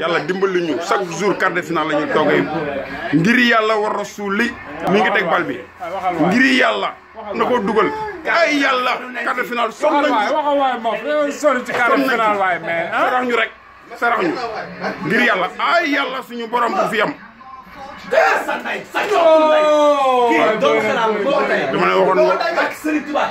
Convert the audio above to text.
yàlla dimbali ñu chaque jour quart de finale la ñuy toogee ngir yàlla war rasuuli mi ngi teg bal bi ngir yàlla na ko dugal ay yàlla quart de finale sonn nañu sonn nañu ah? sarax ñu rek sarax ñu ngir yàlla ay yàlla suñu borom bu fi am oh, dama